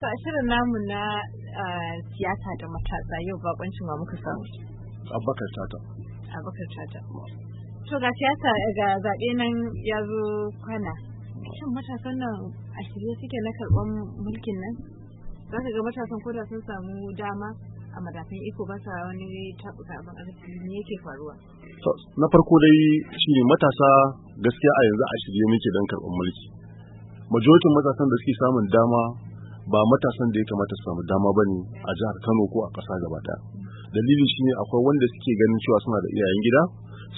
A shirin namu na siyasa da matasa yau bakoncin wa muka samu. Abubakar Tata. Abubakar Tata. To ga siyasa ga zaɓe nan ya zo kwana. Shin matasan nan a shirye suke na karɓar mulkin nan? Za ka ga matasan koda sun samu dama a madafin iko ba sa wani tabuka abin arziki ne yake faruwa. Na farko dai shi ne matasa gaskiya a yanzu a shirye muke don karɓar mulki. Majoritin matasan da suke samun dama ba matasan da ya kamata su samu dama bane a jihar Kano ko a ƙasa gaba Dalilin shi ne akwai wanda suke ganin cewa suna da iyayen gida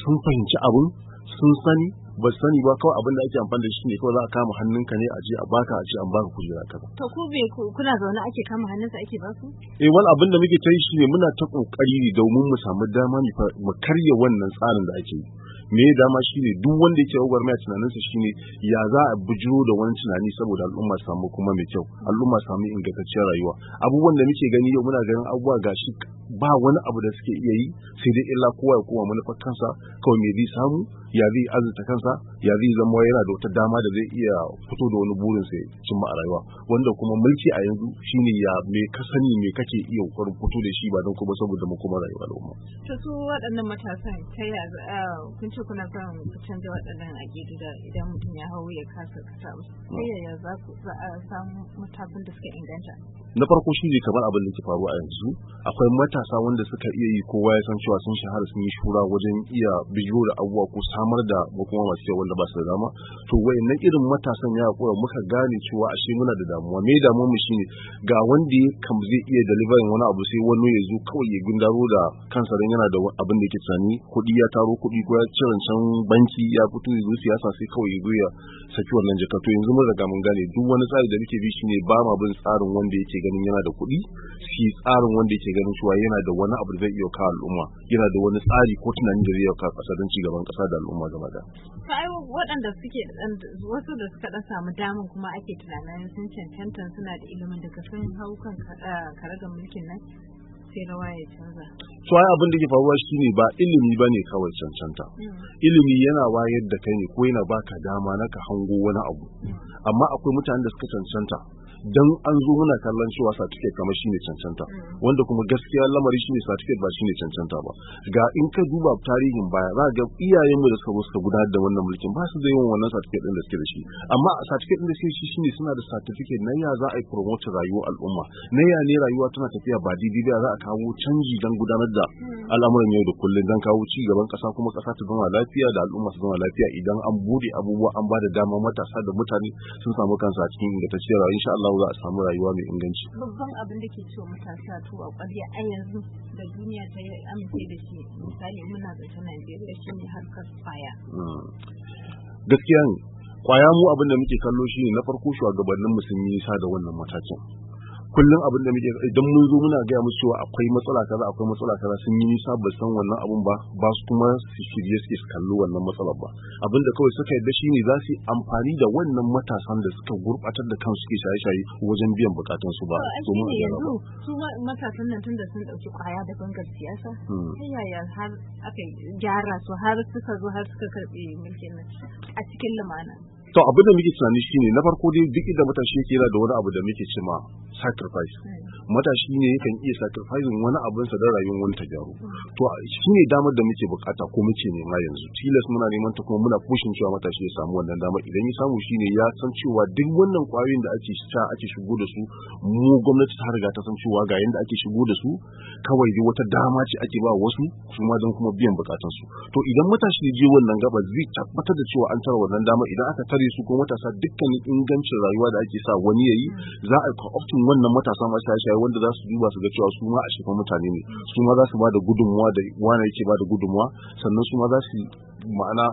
sun fahimci abun sun sani ba sani ba kawai abin da ake amfani da shi ne kawai za a kama hannunka ne a je a baka a ce an baka kujera kaza to ku be kuna zaune ake kama sa ake ba su eh wani abin da muke ta yi ne muna ta kokari domin mu samu dama mu karya wannan tsarin da ake yi me dama shi ne duk wanda yake mai tunaninsa ne ya za a bujiro da wani tunani saboda al'umma samu kuma mai kyau al'umma samu ingantacciyar rayuwa abubuwan da muke gani yau muna ganin abubuwa gashi ba wani abu da suke iya yi sai dai illa kowa ya koma manufar kansa kawai me zai samu ya zai azurta kansa ya zai zama yana da wata dama da zai iya fito da wani burin sai cimma a rayuwa wanda kuma mulki a yanzu shine ya me ka sani me kake iya kokarin fito da shi ba don kuma saboda mu kuma rayuwa waɗannan matasan ta ya kun ce kuna son canza waɗannan aƙidu da idan mutum ya hau ya kasa ta za samu matakan da suka inganta na farko shine kamar abin da ke faruwa a yanzu akwai mata matasa wanda suka iya yi kowa ya san cewa sun shahara sun yi shura wajen iya bijo da abubuwa ko samar da ko kuma masu yawan da ba su da dama to wayannan irin matasan ya kura muka gane cewa ashe muna da damuwa me damuwa mu shine ga wanda ya kam zai iya delivering wani abu sai wani ya zo kawai ya gundaro da kansa dan yana da abin da yake tsani kuɗi ya taro kuɗi ko ya ci rancen banki ya fito ya zo siyasa sai kawai ya zo ya saki wannan jaka to yanzu mun riga mun gane duk wani tsari da muke bi shine ba ma bin tsarin wanda yake ganin yana da kuɗi shi tsarin wanda yake ganin cewa yana da wani abu da zai iya kawo al'umma yana da wani tsari ko tunani da zai iya kawo kasa don cigaban kasa da al'umma gaba da. ai waɗanda suke wasu da suka ɗan samu damin kuma ake tunanin sun cancanta suna da ilimin daga sun hau kan eh, karagar mulkin nan sai rawa ya canza. To ai abin da ke faruwa ne ba ilimi bane kawai cancanta. Hmm. Ilimi yana wayar da kai ne ko yana baka dama na ka hango wani abu. Hmm. Amma akwai mutanen da suka cancanta dan an zo muna kallon cewa certificate kamar shine cancanta mm. wanda kuma gaskiya lamari shine certificate ba shine cancanta ba ga in ka duba tarihin baya za ga iyayen mu da suka gudanar da wannan mulkin ba su da yawan wannan certificate din da suke da shi amma certificate din da suke shi shine suna da certificate na ya za a yi promote rayuwar al'umma na ya ne rayuwa tana tafiya ba daidai ba za a kawo canji dan gudanar da mm. al'amuran yau da kullum dan kawo ci gaban kasa kuma kasa ta zama lafiya da al'umma su zama lafiya idan an bude abubuwa an ba dama matasa da mutane sun samu kansu a cikin ingantacciyar rayuwa insha Allah za a samu rayuwa mai inganci babban abin da ke cewa matasa to a ƙwarya a yanzu da duniya ta yi amince da shi misali muna da ta Najeriya shi ne harkar kwaya hmm. gaskiya ne kwaya mu abin da muke kallo shi ne na farko shugabannin sun sa da wannan matakin kullum abin da muke idan mun zo muna gaya musu cewa akwai matsala kaza akwai matsala kaza sun yi nisa ba san wannan abun ba ba su kuma su shirye su kalli wannan matsalar ba abin da kawai suka yadda shine za su amfani da wannan matasan da suka gurbatar da kansu suke shaye-shaye wajen biyan bukatun su ba domin a yanzu su matasan nan tun da sun dauki kwaya da bangar siyasa hmm. ta yaya har aka gyara su har suka zo har suka karbe mulkin nan a cikin lumana to abin da muke tunani shine na farko dai duk inda mutane yake yana da wani abu da muke cima sacrifice hmm. matashi ne yakan iya sacrificing wani abin sa don rayuwar wani ta gyaru to ne damar da muke bukata ko muke nema yanzu tilas muna neman ta kuma muna pushing cewa matashi ya samu wannan damar idan ya samu shine ya san cewa duk wannan kwayoyin da ake sha ake shigo da su mu gwamnati ta riga ta san cewa ga yanda ake shigo da su kawai dai wata dama ce ake ba wasu su ma don kuma biyan su to idan matashi ne je wannan gaba zai tabbatar da cewa an tara wannan dama idan aka tare su ko matasa dukkan ingancin rayuwa da ake sa wani yayi za a ka wannan matasa ma sai wanda za su duba su ga cewa su ma a shefan mutane ne su ma za su ba da gudunmuwa da wani yake ba da gudunmuwa sannan su ma za su ma'ana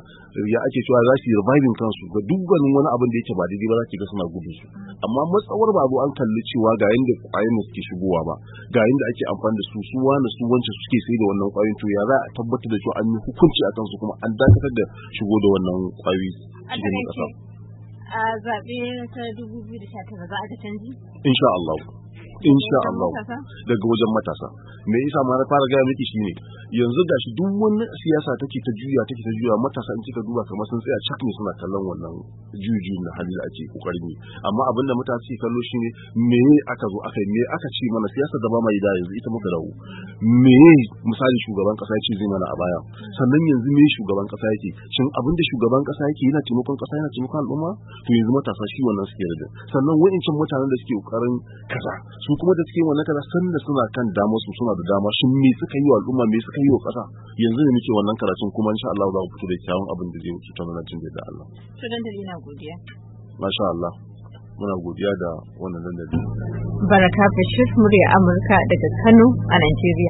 ya ake cewa za su yi reviving kansu ga dukkanin wani abin da yake ba daidai ba za su ga suna gudu su amma matsawar babu an kalli cewa ga yanda kwayoyin da suke shigowa ba ga yanda ake amfani da su su wani su wancan suke sai da wannan kwayoyin to ya za a tabbatar da cewa an yi hukunci a kansu kuma an dakatar da shigo da wannan kwayoyi cikin ƙasa. a zaɓe ta 2019 za a ga canji? insha Allah. insha Allah daga wajen matasa me yasa ma na fara gaya miki shine yanzu gashi duk wani siyasa take ta juya take ta juya matasa in kika duba kamar sun tsaya cak ne suna kallon wannan juju na hali da ake kokarin yi amma abin da matasa suke kallo shine me aka zo aka me aka ce mana siyasa da ba mai da yanzu ita muka dawo me misali shugaban kasa ya ce zai mana a baya sannan yanzu me shugaban kasa yake shin abin da shugaban kasa yake yana taimakon kasa yana taimakon al'umma to yanzu matasa shi wannan suke da sannan wa'incan mutanen da suke kokarin kaza su kuma da suke wannan kaza san da suna kan dama su suna da dama shin me suka yi wa al'umma me suka yi wa ƙasa yanzu ne muke wannan karatun kuma insha Allah za mu fito da kyawun abin da zai wuce ta mana jin da Allah to dan ina godiya masha Allah muna godiya da wannan dandali baraka bashir murya amurka daga Kano a Najeriya